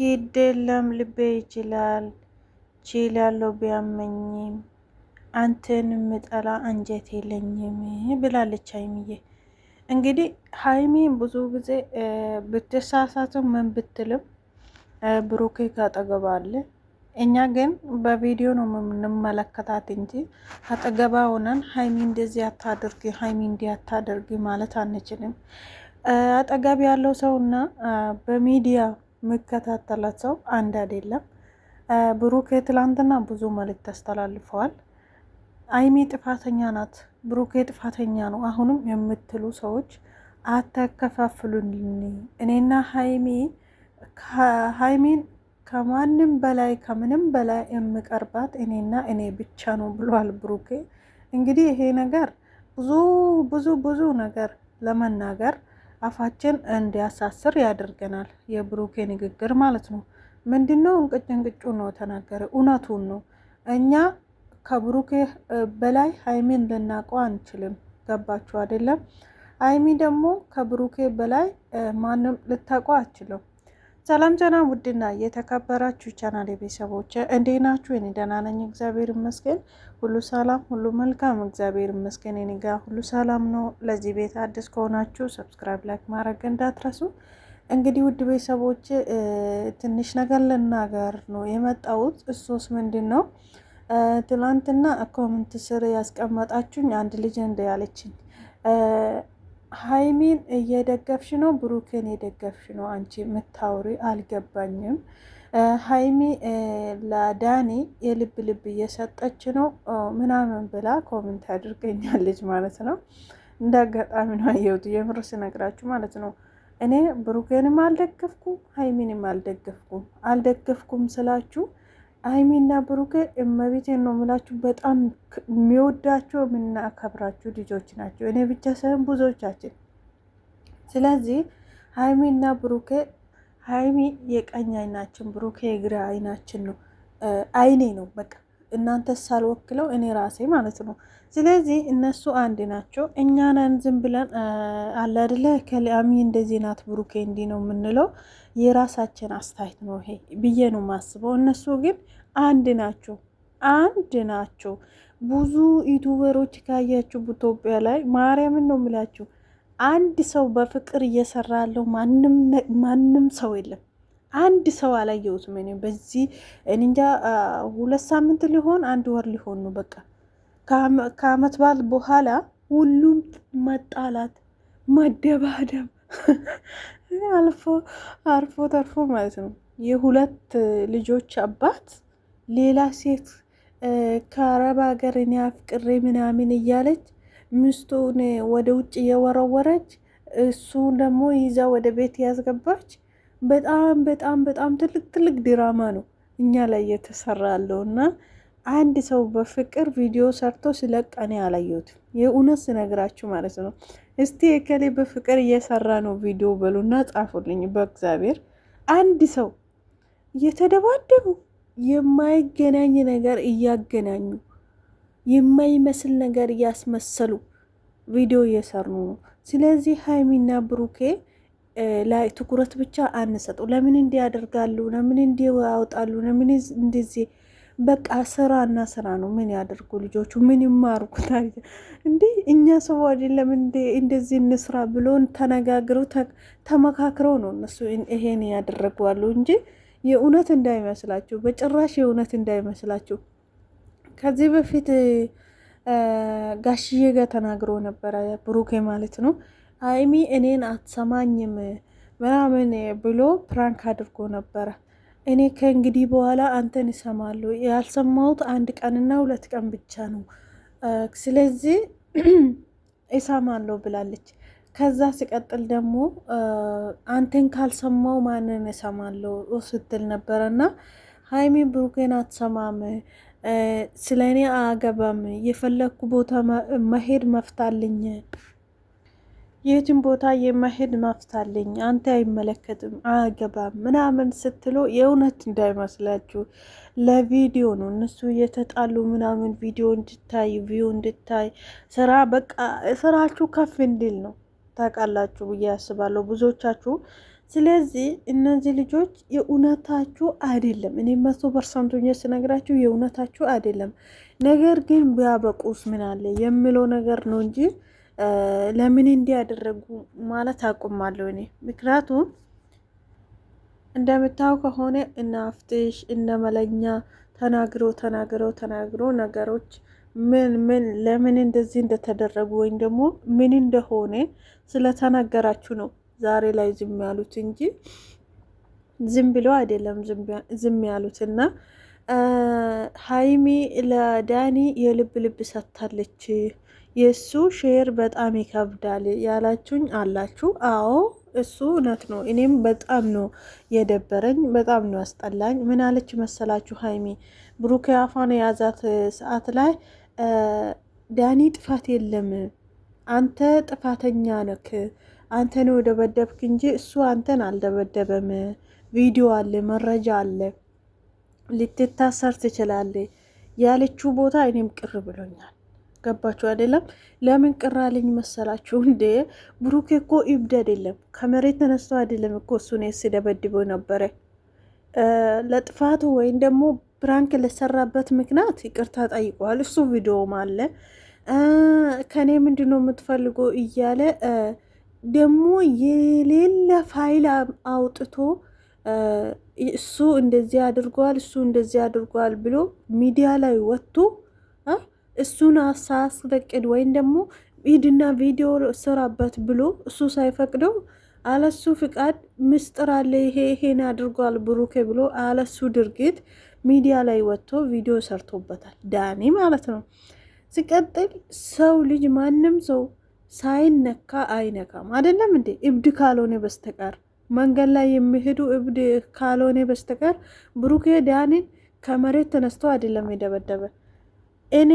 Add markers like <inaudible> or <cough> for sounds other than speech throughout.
ግድ የለም ልቤ ይችላል ችላለሁ ቢያመኝም አንተን ምጠላ አንጀት የለኝም ብላለች ሀይሚዬ። እንግዲህ ሀይሚ ብዙ ጊዜ ብትሳሳትም ምን ብትልም ብሩኬ ካጠገባ አለ። እኛ ግን በቪዲዮ ነው የምንመለከታት እንጂ አጠገባ ሆነን ሀይሚ እንደዚህ አታድርግ፣ ሀይሚ እንዲህ አታድርግ ማለት አንችልም። አጠገብ ያለው ሰውና በሚዲያ ሰው አንድ አይደለም። ብሩክ ትላንትና ብዙ መልእክት ተስተላልፈዋል። አይሚ ጥፋተኛ ናት፣ ብሩክ ጥፋተኛ ነው አሁንም የምትሉ ሰዎች አተከፋፍሉልኝ። እኔና ሀይሚ ሀይሚን ከማንም በላይ ከምንም በላይ የምቀርባት እኔና እኔ ብቻ ነው ብሏል ብሩኬ። እንግዲህ ይሄ ነገር ብዙ ብዙ ብዙ ነገር ለመናገር አፋችን እንዲያሳስር ያደርገናል። የብሩኬ ንግግር ማለት ነው። ምንድነው ነው እንቅጭ እንቅጩ ነው ተናገረ። እውነቱን ነው። እኛ ከብሩኬ በላይ ሀይሚን ልናቀው አንችልም። ገባችሁ አይደለም? ሀይሚ ደግሞ ከብሩኬ በላይ ማንም ልታቀው አችልም። ሰላም ጀና ውድና የተከበራችሁ ቻናል የቤተሰቦች እንዴ ናችሁ? እኔ ደህና ነኝ፣ እግዚአብሔር ይመስገን። ሁሉ ሰላም፣ ሁሉ መልካም፣ እግዚአብሔር ይመስገን። እኔ ጋር ሁሉ ሰላም ነው። ለዚህ ቤት አዲስ ከሆናችሁ ሰብስክራይብ፣ ላይክ ማድረግ እንዳትረሱ። እንግዲህ ውድ ቤተሰቦች ትንሽ ነገር ልናገር ነው የመጣሁት። እሱስ ምንድን ነው? ትላንትና ኮመንት ስር ያስቀመጣችሁኝ አንድ ልጅ እንደ ያለችኝ ሀይሚን እየደገፍሽ ነው፣ ብሩኬን የደገፍሽ ነው አንቺ ምታውሪ አልገባኝም። ሀይሚ ለዳኒ የልብ ልብ እየሰጠች ነው ምናምን ብላ ኮሜንት አድርገኛለች ማለት ነው። እንደ አጋጣሚ ነው አየሁት። የምር ስነግራችሁ ማለት ነው እኔ ብሩኬንም አልደገፍኩም ሀይሚንም አልደገፍኩም። አልደገፍኩም ስላችሁ አይሚና ብሩኬ እመቤቴ ነው የምላችሁ። በጣም የሚወዳቸው የምናከብራችሁ ልጆች ናቸው፣ እኔ ብቻ ሳይሆን ብዙዎቻችን። ስለዚህ ሀይሚና ብሩኬ ሀይሚ የቀኝ አይናችን፣ ብሩኬ የግራ አይናችን ነው አይኔ ነው በቃ እናንተ ሳልወክለው እኔ ራሴ ማለት ነው። ስለዚህ እነሱ አንድ ናቸው። እኛንን ዝም ብለን አለ አይደለ ከሊያሚ እንደዚህ ናት ብሩኬ እንዲህ ነው የምንለው የራሳችን አስተያየት ነው ይሄ ብዬ ነው ማስበው። እነሱ ግን አንድ ናቸው፣ አንድ ናቸው። ብዙ ዩቱበሮች ካያችሁ ኢትዮጵያ ላይ ማርያምን ነው ምላችሁ አንድ ሰው በፍቅር እየሰራ ያለው ማንም ሰው የለም። አንድ ሰው አላየሁትም። እኔ በዚህ እንጃ ሁለት ሳምንት ሊሆን አንድ ወር ሊሆን ነው። በቃ ከአመት በዓል በኋላ ሁሉም መጣላት፣ መደባደብ <laughs> አልፎ አርፎ ተርፎ ማለት ነው የሁለት ልጆች አባት ሌላ ሴት ከአረብ ሀገር እኔ አፍቅሬ ምናምን እያለች ሚስቱን ወደ ውጭ እየወረወረች እሱ ደግሞ ይዛ ወደ ቤት ያስገባች በጣም በጣም በጣም ትልቅ ትልቅ ድራማ ነው እኛ ላይ የተሰራ ያለው እና አንድ ሰው በፍቅር ቪዲዮ ሰርቶ ሲለቅ እኔ የእውነት ስነግራችሁ ማለት ነው። እስቲ የከሌ በፍቅር እየሰራ ነው ቪዲዮ በሉና ጻፉልኝ። በእግዚአብሔር አንድ ሰው እየተደባደቡ የማይገናኝ ነገር እያገናኙ የማይመስል ነገር እያስመሰሉ ቪዲዮ እየሰሩ ነው። ስለዚህ ሀይሚና ብሩኬ ላይ ትኩረት ብቻ አንሰጡ። ለምን እንዲ ያደርጋሉ? ለምን እንዲ ያወጣሉ? ለምን እንደዚህ በቃ ስራ እና ስራ ነው። ምን ያደርጉ ልጆቹ? ምን ይማሩ? <laughs> እንዲ እኛ ሰው አይደለም እንደዚህ እንስራ ብሎን ተነጋግረው ተመካክረው ነው እነሱ ይሄን ያደረጓሉ እንጂ የእውነት እንዳይመስላችሁ፣ በጭራሽ የእውነት እንዳይመስላችሁ። ከዚህ በፊት ጋሽዬ ጋር ተናግሮ ነበረ ብሩኬ ማለት ነው ሀይሚ እኔን አትሰማኝም ምናምን ብሎ ፕራንክ አድርጎ ነበረ። እኔ ከእንግዲህ በኋላ አንተን ይሰማሉ ያልሰማሁት አንድ ቀንና ሁለት ቀን ብቻ ነው፣ ስለዚህ ይሰማለሁ <clears throat> ብላለች። ከዛ ሲቀጥል ደግሞ አንተን ካልሰማው ማንን እሰማለሁ ስትል ነበረና ሀይሚ ብሩኬን አትሰማም፣ ስለ እኔ አገባም፣ የፈለግኩ ቦታ መሄድ መፍታልኝ የትም ቦታ የመሄድ ማፍታለኝ አንተ አይመለከትም አያገባም ምናምን ስትሎ የእውነት እንዳይመስላችሁ ለቪዲዮ ነው። እነሱ የተጣሉ ምናምን ቪዲዮ እንድታይ ቪዩ እንድታይ ስራ በቃ ስራችሁ ከፍ እንዲል ነው። ታውቃላችሁ ብዬ አስባለሁ ብዙዎቻችሁ። ስለዚህ እነዚህ ልጆች የእውነታችሁ አይደለም። እኔ መቶ ፐርሰንቱኝ ስነግራችሁ የእውነታችሁ አይደለም። ነገር ግን ቢያበቁስ ምን አለ የምለው ነገር ነው እንጂ ለምን እንዲያደረጉ ማለት አቁማለሁ እኔ። ምክንያቱም እንደምታው ከሆነ እነ አፍትሽ እነ መለኛ ተናግሮ ተናግሮ ተናግሮ ነገሮች ምን ምን ለምን እንደዚህ እንደተደረጉ ወይም ደግሞ ምን እንደሆነ ስለተናገራችሁ ነው ዛሬ ላይ ዝም ያሉት እንጂ ዝም ብሎ አይደለም ዝም ያሉት እና ሀይሚ ለዳኒ የልብ ልብ ሰጥታለች። የእሱ ሼር በጣም ይከብዳል ያላችሁኝ አላችሁ። አዎ እሱ እውነት ነው። እኔም በጣም ነው የደበረኝ፣ በጣም ነው ያስጠላኝ። ምን አለች መሰላችሁ ሀይሚ ብሩክ አፏን የያዛት ሰዓት ላይ ዳኒ ጥፋት የለም አንተ ጥፋተኛ ነክ አንተ ነው ደበደብክ እንጂ እሱ አንተን አልደበደበም። ቪዲዮ አለ፣ መረጃ አለ ልትታሰር ትችላለች ያለችው ቦታ እኔም ቅር ብሎኛል። ገባችሁ አይደለም? ለምን ቅራልኝ መሰላችሁ እንዴ? ብሩኬ እኮ እብድ አይደለም። ከመሬት ተነስቶ አይደለም እኮ እሱን ስደበድቦ ነበረ። ለጥፋቱ ወይም ደግሞ ፕራንክ ለሰራበት ምክንያት ይቅርታ ጠይቋል። እሱ ቪዲዮም አለ። ከኔ ምንድነው የምትፈልገው እያለ ደግሞ የሌለ ፋይል አውጥቶ እሱ እንደዚህ አድርጓል፣ እሱ እንደዚህ አድርጓል ብሎ ሚዲያ ላይ ወጥቶ እሱን ሳያስፈቅድ ወይም ደግሞ ሂድና ቪዲዮ ስራበት ብሎ እሱ ሳይፈቅደው አለሱ ፍቃድ ምስጥር አለ ይሄ ይሄን አድርጓል ብሩኬ ብሎ አለሱ ድርጊት ሚዲያ ላይ ወጥቶ ቪዲዮ ሰርቶበታል፣ ዳኒ ማለት ነው። ሲቀጥል ሰው ልጅ ማንም ሰው ሳይነካ አይነካም። አይደለም እንዴ እብድ ካልሆነ በስተቀር መንገድ ላይ የሚሄዱ እብድ ካልሆነ በስተቀር ብሩኬ ዳኒን ከመሬት ተነስቶ አይደለም የደበደበ። እኔ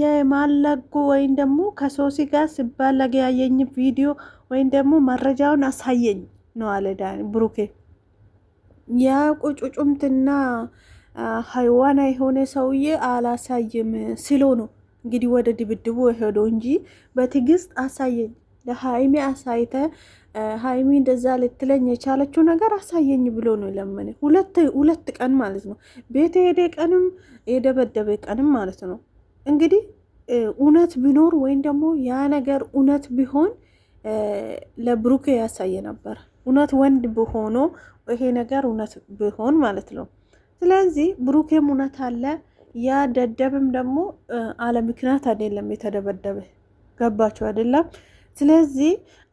የማለጉ ወይም ደግሞ ከሶሲ ጋር ሲባለግ ያየኝ ቪዲዮ ወይም ደግሞ መረጃውን አሳየኝ ነው አለ ዳኒ ብሩኬ። ያ ቁጩጩምትና ሀይዋና የሆነ ሰውዬ አላሳይም ስሎ ነው እንግዲህ ወደ ድብድቡ የሄደው እንጂ በትግስት አሳየኝ፣ ለሀይሜ አሳይተ ሀይሚ እንደዛ ልትለኝ የቻለችው ነገር አሳየኝ ብሎ ነው ለመነ። ሁለት ቀን ማለት ነው ቤት የሄደ ቀንም የደበደበ ቀንም ማለት ነው። እንግዲህ እውነት ቢኖር ወይም ደግሞ ያ ነገር እውነት ቢሆን ለብሩኬ ያሳየ ነበር። እውነት ወንድ ሆኖ ይሄ ነገር እውነት ብሆን ማለት ነው። ስለዚህ ብሩኬም እውነት አለ። ያ ደደብም ደግሞ አለ ምክንያት አይደለም የተደበደበ ገባቸው አይደለም ስለዚህ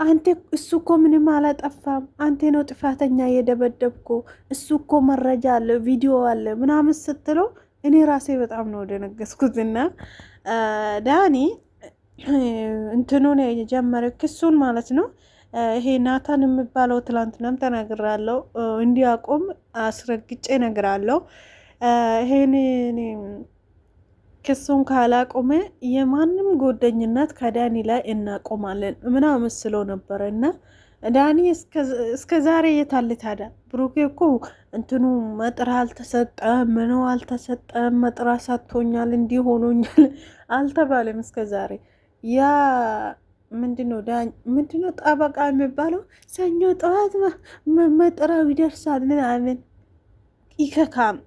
አንተ እሱ እኮ ምንም አላጠፋም፣ አንተ ነው ጥፋተኛ የደበደብኮ፣ እሱ እኮ መረጃ አለ፣ ቪዲዮ አለ ምናምን ስትለው እኔ ራሴ በጣም ነው ደነገስኩትና ዳኒ እንትኑን የጀመረ ክሱን ማለት ነው። ይሄ ናታን የሚባለው ትላንትናም ተናግራለው እንዲያቆም አስረግጬ ነግራለው ይሄን ክሱን ካላቆመ የማንም ጎደኝነት ከዳኒ ላይ እናቆማለን ምናምን ስሎ ነበረ እና ዳኒ እስከ ዛሬ የታለ ታዲያ? ብሩኬ እኮ እንትኑ መጥራ አልተሰጠም፣ ምኑ አልተሰጠም፣ መጥራ ሰጥቶኛል፣ እንዲህ ሆኖኛል <laughs> አልተባለም እስከ ዛሬ። ያ ምንድነው ዳኝ ምንድነው ጠበቃ የሚባለው ሰኞ ጠዋት መጥራው ይደርሳል ምናምን ይከካም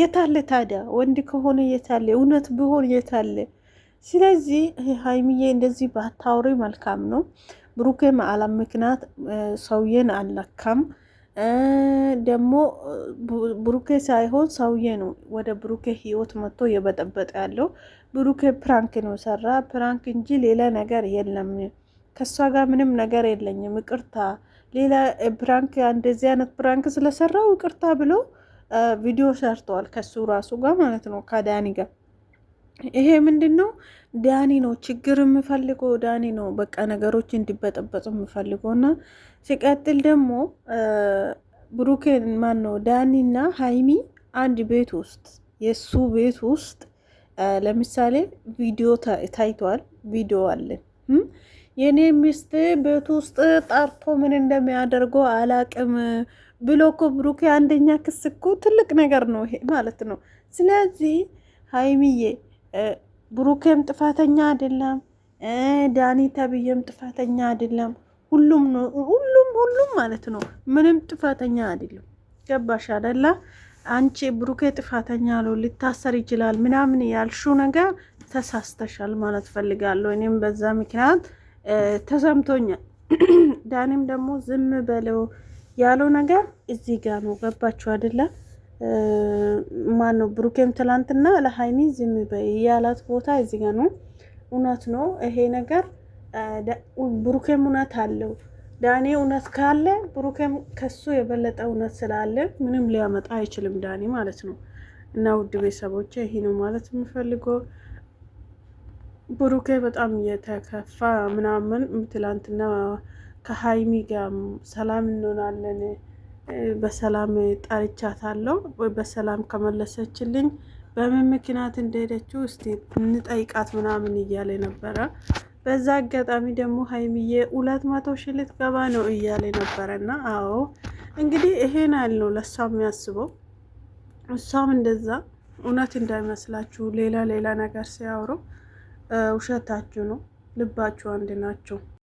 የታለ ታዲያ ወንድ ከሆነ የታለ እውነት ቢሆን የታለ? ስለዚህ ሀይሚዬ እንደዚህ ባታውሪ መልካም ነው። ብሩኬ ማዓላም ምክንያት ሰውዬን አልነካም። ደግሞ ብሩኬ ሳይሆን ሰውዬ ነው ወደ ብሩኬ ህይወት መጥቶ እየበጠበጠ ያለው። ብሩኬ ፕራንክ ነው ሰራ ፕራንክ እንጂ ሌላ ነገር የለም። ከሷ ጋር ምንም ነገር የለኝም ይቅርታ ሌላ ፕራንክ እንደዚህ አይነት ፕራንክ ስለሰራው ይቅርታ ብሎ ቪዲዮ ሰርተዋል ከሱ ራሱ ጋር ማለት ነው ከዳኒ ጋር ይሄ ምንድን ነው? ዳኒ ነው ችግር የምፈልገው ዳኒ ነው በቃ ነገሮች እንዲበጠበጡ የምፈልገው እና ሲቀጥል ደግሞ ብሩኬን ማን ነው ዳኒና ሀይሚ አንድ ቤት ውስጥ የእሱ ቤት ውስጥ ለምሳሌ ቪዲዮ ታይቷል። ቪዲዮ አለ የኔ ሚስት ቤት ውስጥ ጣርቶ ምን እንደሚያደርገው አላቅም ብሎ እኮ ብሩኬ አንደኛ ክስ እኮ ትልቅ ነገር ነው ይሄ ማለት ነው። ስለዚህ ሀይሚዬ ብሩኬም ጥፋተኛ አይደለም፣ ዳኒ ተብዬም ጥፋተኛ አይደለም። ሁሉም ነው ሁሉም ሁሉም ማለት ነው ምንም ጥፋተኛ አይደለም። ገባሽ አይደለ? አንቺ ብሩኬ ጥፋተኛ ነው ሊታሰር ይችላል ምናምን ያልሹ ነገር ተሳስተሻል ማለት ፈልጋለሁ። እኔም በዛ ምክንያት ተሰምቶኛል። <clears throat> ዳኒም ደግሞ ዝም በለው ያለው ነገር እዚህ ጋር ነው። ገባችሁ አይደለም? ማን ነው ብሩኬም ትላንትና ለሀይሚ ዝም በይ ያላት ቦታ እዚህ ጋር ነው። እውነት ነው ይሄ ነገር። ብሩኬም እውነት አለው። ዳኔ እውነት ካለ ብሩኬም ከሱ የበለጠ እውነት ስላለ ምንም ሊያመጣ አይችልም ዳኔ ማለት ነው። እና ውድ ቤተሰቦች ይሄ ነው ማለት የምፈልገው። ብሩኬ በጣም የተከፋ ምናምን ትላንትና ከሀይሚ ጋር ሰላም እንሆናለን፣ በሰላም ጠርቻታለሁ። በሰላም ከመለሰችልኝ በምን ምክንያት እንደሄደችው እስቲ እንጠይቃት ምናምን እያለ ነበረ። በዛ አጋጣሚ ደግሞ ሀይሚዬ ሁለት መቶ ሺህ ልትገባ ነው እያለ ነበረና፣ አዎ እንግዲህ ይሄን ያህል ነው ለእሷ የሚያስበው። እሷም እንደዛ እውነት እንዳይመስላችሁ ሌላ ሌላ ነገር ሲያወሩ ውሸታችሁ ነው፣ ልባችሁ አንድ ናቸው።